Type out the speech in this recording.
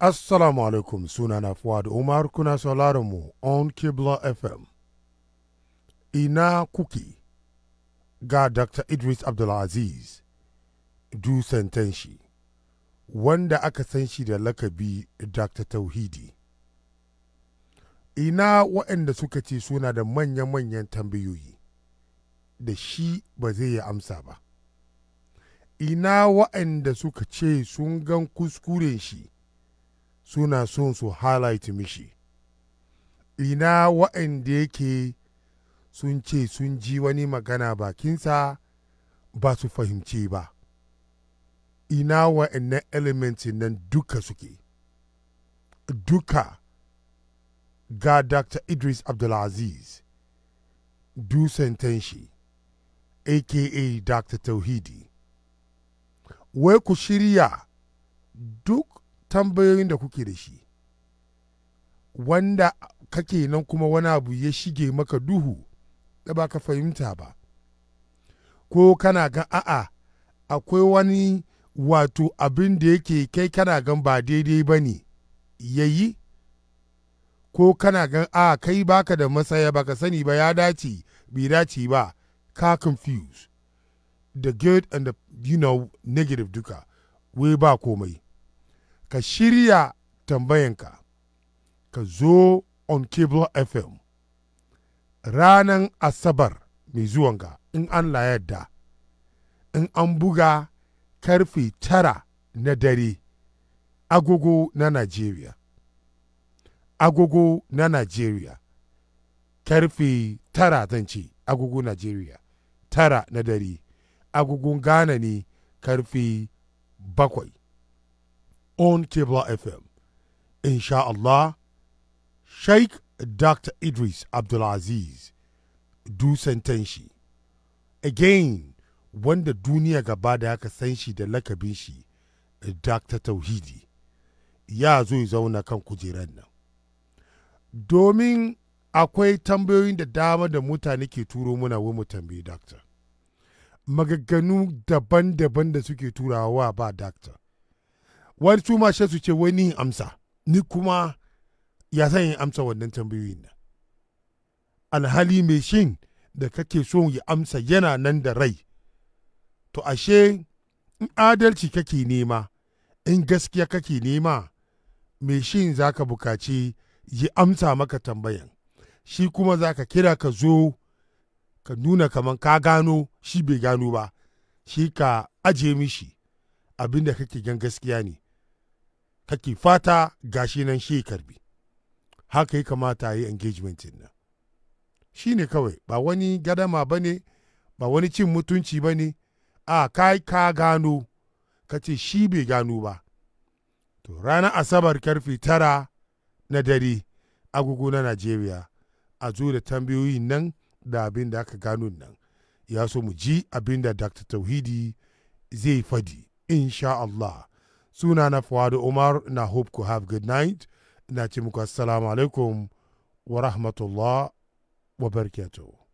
Assalamu alaikum sunana Fuad Umar kuna sauraron mu on Kibla FM. Ina kuke? ga Dr. Idris Abdulaziz dusan shi wanda aka san shi da lakabi Dr. Tauhidi. Ina waɗanda suka ce suna da manya-manyan tambayoyi da shi ba zai yi amsa ba. Ina waɗanda suka ce sun gan kuskuren shi. suna son su highlight mishi ina wa'anda yake sun ce sun ji wani magana bakinsa ba su fahimci ba ina wa'annan elementin nan duka suke duka ga dr idris abdulaziz dusan tanshi aka dr tauhidi wai ku shirya duk tambayoyin da kuke da shi wanda kake nan kuma wani abu ya shige maka duhu da ba ka fahimta ba ko kana ga a'a akwai wani wato abin da yake kai kana gan ba daidai ba ne ya yi ko kana gan a kai baka da masaya baka sani ba ya dace bai dace ba ka confuse the good and the you know negative duka wai ba komai ka shirya tambayanka ka zo on cable fm ranan asabar mai zuwanka in an yadda in an buga karfe tara na dare agogo na nigeria Agogo na Najeriya. Karfe tara zan ce agogo nigeria Tara na dare. Agogon Ghana ne karfe bakwai. on Kibla FM. Insha'Allah, Sheikh Dr. Idris Abdulaziz sentenshi. again wanda duniya gaba da aka san shi da lakabin shi Dr. Tauhidi, ya zo zauna kan kujerar nan. Domin akwai tambayoyin da dama da mutane ke turo muna wa mu tambayi dakta. Magagganu daban-daban da suke turawa ba dakta. wani su ma su ce wai ni amsa ni kuma ya san yin amsa wannan tambayoyin nan alhali mai shin da kake so yi amsa yana nan da rai to ashe in adalci kake nema in gaskiya kake nema mai shin za ka bukaci yi amsa maka tambayan shi kuma za ka kira ka zo ka nuna kamar ka gano shi bai gano ba shi ka ajiye mishi abin da kake gan gaskiya ne kake fata gashi nan shi karbi haka ya kamata yi engagement nan shi ne kawai ba wani gadama ba ne ba wani cin mutunci ba ne a kai ka gano ka ce shi bai gano ba to ranar asabar karfe tara na dare agogo na najeriya a zo da tambayoyi nan da abin da aka gano nan ya so mu ji abin da dr tauhidi zai fadi insha Allah sunana Fuadu Umar na hope ku have good night na ce muku assalamu alaikum wa rahmatullah wa barakatuh